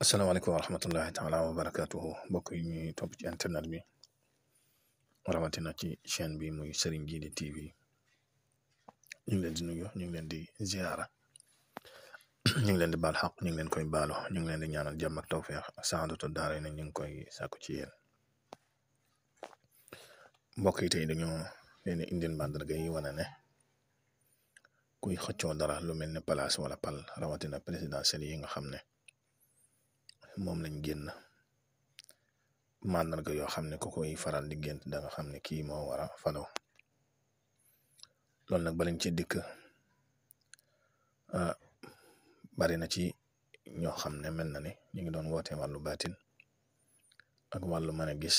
asalaamaaleykum wa rahmatullahi taala wa barakaatuhu mbokk yi ñuy topp ci internet bi ci chaîne bi muy Serigne Djily TV ñu ngi leen di nuyu ñu ngi leen di ziara ñu ngi leen di baal xaq ñu ngi leen koy baalo ñu ngi leen di ñaanal jàmm ak tawféex saadatu daara yi nag ñu ngi koy sàkku ci yéen mbokk yi tey dañoo leen indil màndarga wane ne kuy xëccoo dara lu mel ne palaas wala pal rawatina présidentielle yi nga xam ne. moom lañ génn màndarga yoo xam ne ku koy faral di gént da nga xam ne kii moo war falo falaw loolu nag balañ ci dikk ah, bari na ci ñoo xam ne mel na ne ñu ngi doon woote wàllu baatin ak wàllu mën a gis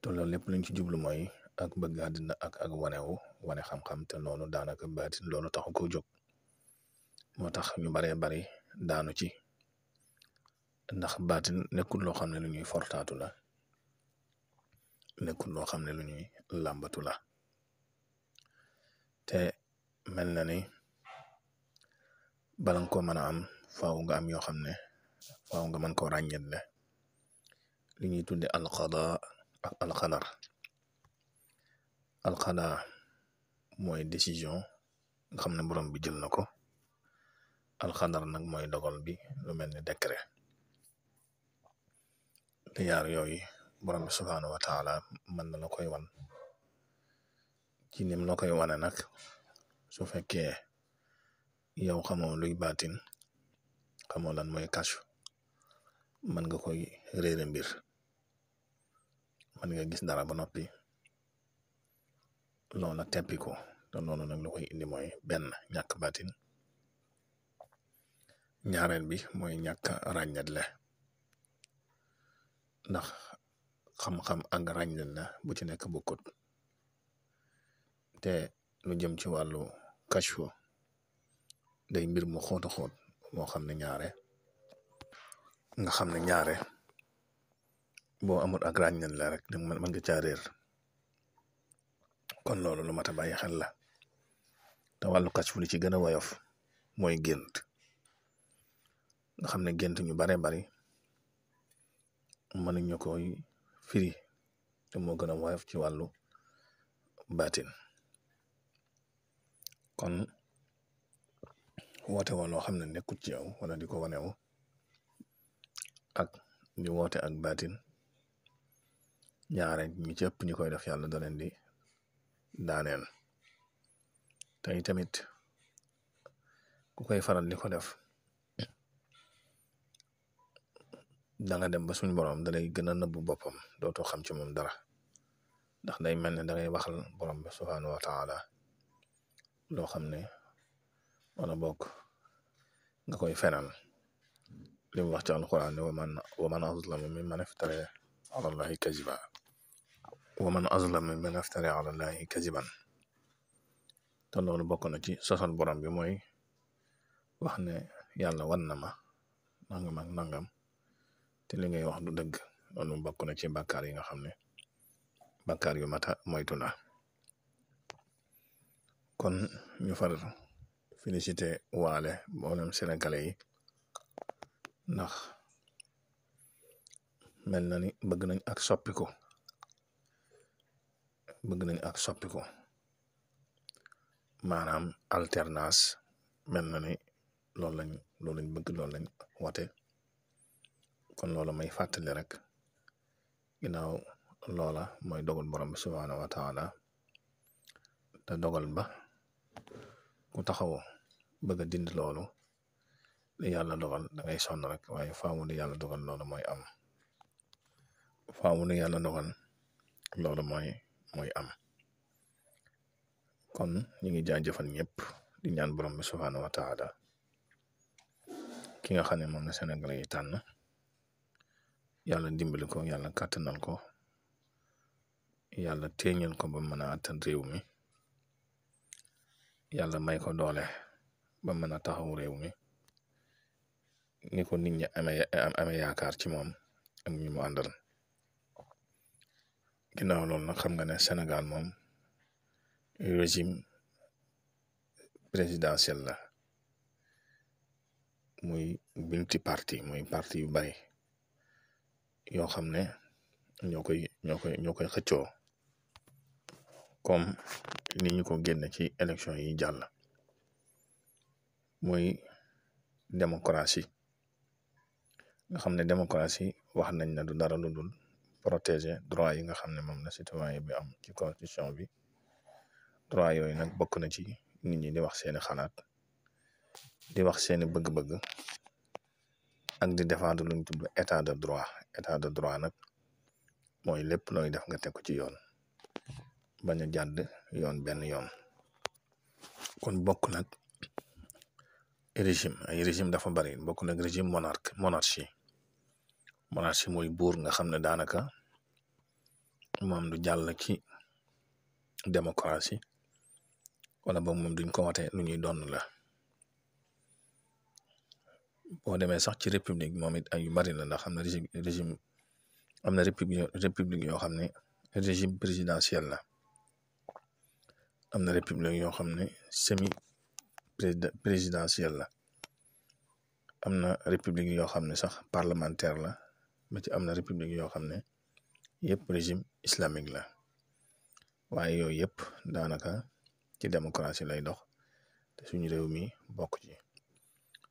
te loolu lépp luñ ci jublu mooy ak bëgg àddina ak ak wanewu wane xam-xam te loolu daanaka baatin loolu taxu ko jóg moo tax ñu baree bari daanu ci ndax baatin nekkul loo xam ne lu ñuy fortaatu la nekkul loo xam ne lu ñuy làmbatu la te mel na ni bala nga mën a am faaw nga am yoo xam ne faaw nga mën koo ràññeetle li ñuy tudde alqada ak alqadar mooy décision nga xam ne borom bi jël na ko alqadar nag mooy dogal bi lu mel ni décret yaar yooyu bo bi subhaanahu wa taala mën na la koy wan ci nim la koy wane nag su fekkee yow xamoo luy baatin xamoo lan mooy kàccu mën nga koy réere mbir mën nga gis dara ba noppi loola teppi ko te noonu nag lu koy indi mooy benn ñàkk baatin ñaareel bi mooy ñàkk ràññetle ndax xam-xam ak ràññil la bu ci nekk bokkut te lu jëm ci wàllu kashfu day mbir mu xóot a xóot moo xam ne ñaare nga xam ne ñaare boo amul ak ràññil la rek danga man nga caa réer kon loolu lu mat a bàyyi xel la te wàllu kashfu li ci gën a woyof mooy gént nga xam ne gént ñu bare bari mënuñ ñu koy firi te moo gën a woyof ci wàllu baatin kon woote woo loo xam ne nekkut ci yow wala di ko wanewu ak di woote ak baatin ñaare ñi ci ëpp koy def yàlla da leen di daaneel tey tamit ku koy faral di ko def da nga dem ba suñ borom da lay gën a nëbbu boppam dootoo xam ci moom dara ndax day mel ne da ngay waxal borom bi subhaanahu wa taala loo xam ne wala bokk nga koy fenal li wax ci alquran ne waman waman azlamu mimman iftara ala allahi kaziba waman azlamu mimman kaziban te loolu bokk na ci sosal boroom bi mooy wax ne yàlla wan na ma nangam ak nangam te li ngay wax du dëgg loolu bokk na ci bàkkaar yi nga xam ne bàkkaar yu mata moytu la kon ñu far félicité waale mboolem sénégalais yi ndax mel na ni bëgg nañ ak soppiku bëgg nañ ak soppiku maanaam alternance mel na ni loolu lañ loolu lañ bëgg loolu lañ woote kon loolu may fàttali rek ginnaaw loola mooy dogal borom bi subhaanahu wa taala te dogal ba ku taxaw bëgg a dindi loolu li yàlla dogal da ngay sonn rek waaye faamu li yàlla dogal loolu mooy am faamu li yàlla dogal loolu mooy mooy am kon ñu ngi jaajëfal ñëpp di ñaan borom bi subhaanahu wa taala ki nga xam ne moom la Sénégal yi tànn yàlla dimbali ko yàlla kàttanal ko yàlla téeñal ko ba mën a àttan réew mi yàlla may ko doole ba mën a taxaw réew mi ni ko nit ñi amee yaakaar ci moom am ñi mu àndal ginnaaw loolu nag xam nga ne Sénégal moom régime présidentiel la muy binti parti muy parti yu bari yoo xam ne ñoo koy ñoo koy ñoo koy xëccoo comme ni ñu ko génne ci élection yi jàll muy démocratie nga xam ne démocratie wax nañ ne du dara lu dul protéger droit yi nga xam ne moom la citoyen bi am ci constitution bi droit yooyu nag bokk na ci nit ñi di wax seeni xalaat di wax seeni bëgg-bëgg ak di défendre luñ tudd état de droit état de droit nag mooy lépp looy def nga teg ko ci yoon bañ a jàdd yoon benn yoon kon bokk nag régime ay régime dafa bari bokk nag régime monarque monarchie monarchie mooy buur nga xam ne daanaka moom du jàll ci démocratie wala ba moom duñ ko wate lu ñuy doon la boo demee sax ci république moom it ay yu bari la ndax am na régime régime am na république yoo xam ne régime présidentiel la am na république yoo xam ne semi présidentiel la am na république yoo xam ne sax parlementaire la ba ci am na république yoo xam ne yëpp régime islamique la waaye yooyu yëpp daanaka ci démocratie lay dox te suñu réew mi bokk ci.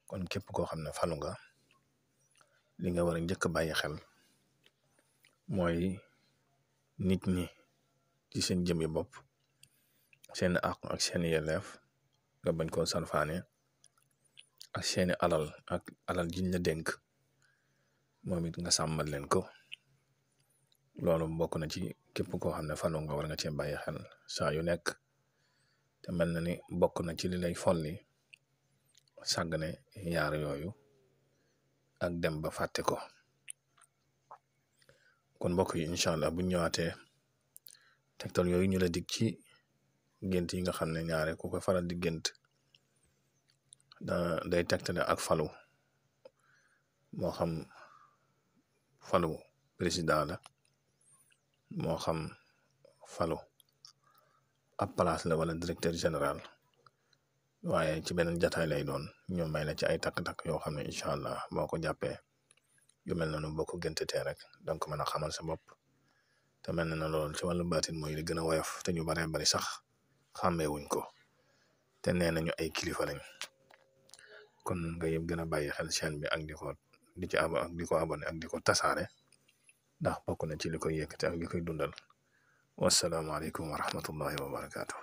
kon képp koo xam ne falu nga li nga war a njëkk a bàyyi xel mooy nit ñi ci seen jëmmi bopp seen àq ak seeni yelleef nga bañ koo sarfaane ak seeni alal ak alal jiñ la dénk moom it nga sàmmal leen ko loolu bokk na ci képp koo xam ne falu nga war nga cee bàyyi xel saa yu nekk te mel na ni bokk na ci li fol ni sàggane ñaar yooyu ak dem ba fàtte ko kon mbokk yi incha allah buñ ñëwaatee tegtal yooyu ñu la dig ci gént yi nga xam ne ñaare ku ko faral di gént da day tegtale ak falu moo xam falu président la moo xam falu ab place la wala directeur général waaye ci beneen jataay lay doon ñoom may na ci ay takk-takk yoo xam ne incha allah boo ko jàppee yu mel noonu boo ko gëntatee rek donc ko mën a xamal sa bopp te mel na ne loolu ci wàllu baatin mooy li gën a woyof te ñu baree bari sax xàmmee wuñ ko te nee nañu ay kilifa lañ kon nga yëpp gën a bàyyi xel chaîne bi ak di ko di ci ab di ko abonné ak di ko tasaare ndax bokk na ci li koy yëkkati ak li koy dundal wasalaamaaleykum wa rahmatullahi wa barakaatu.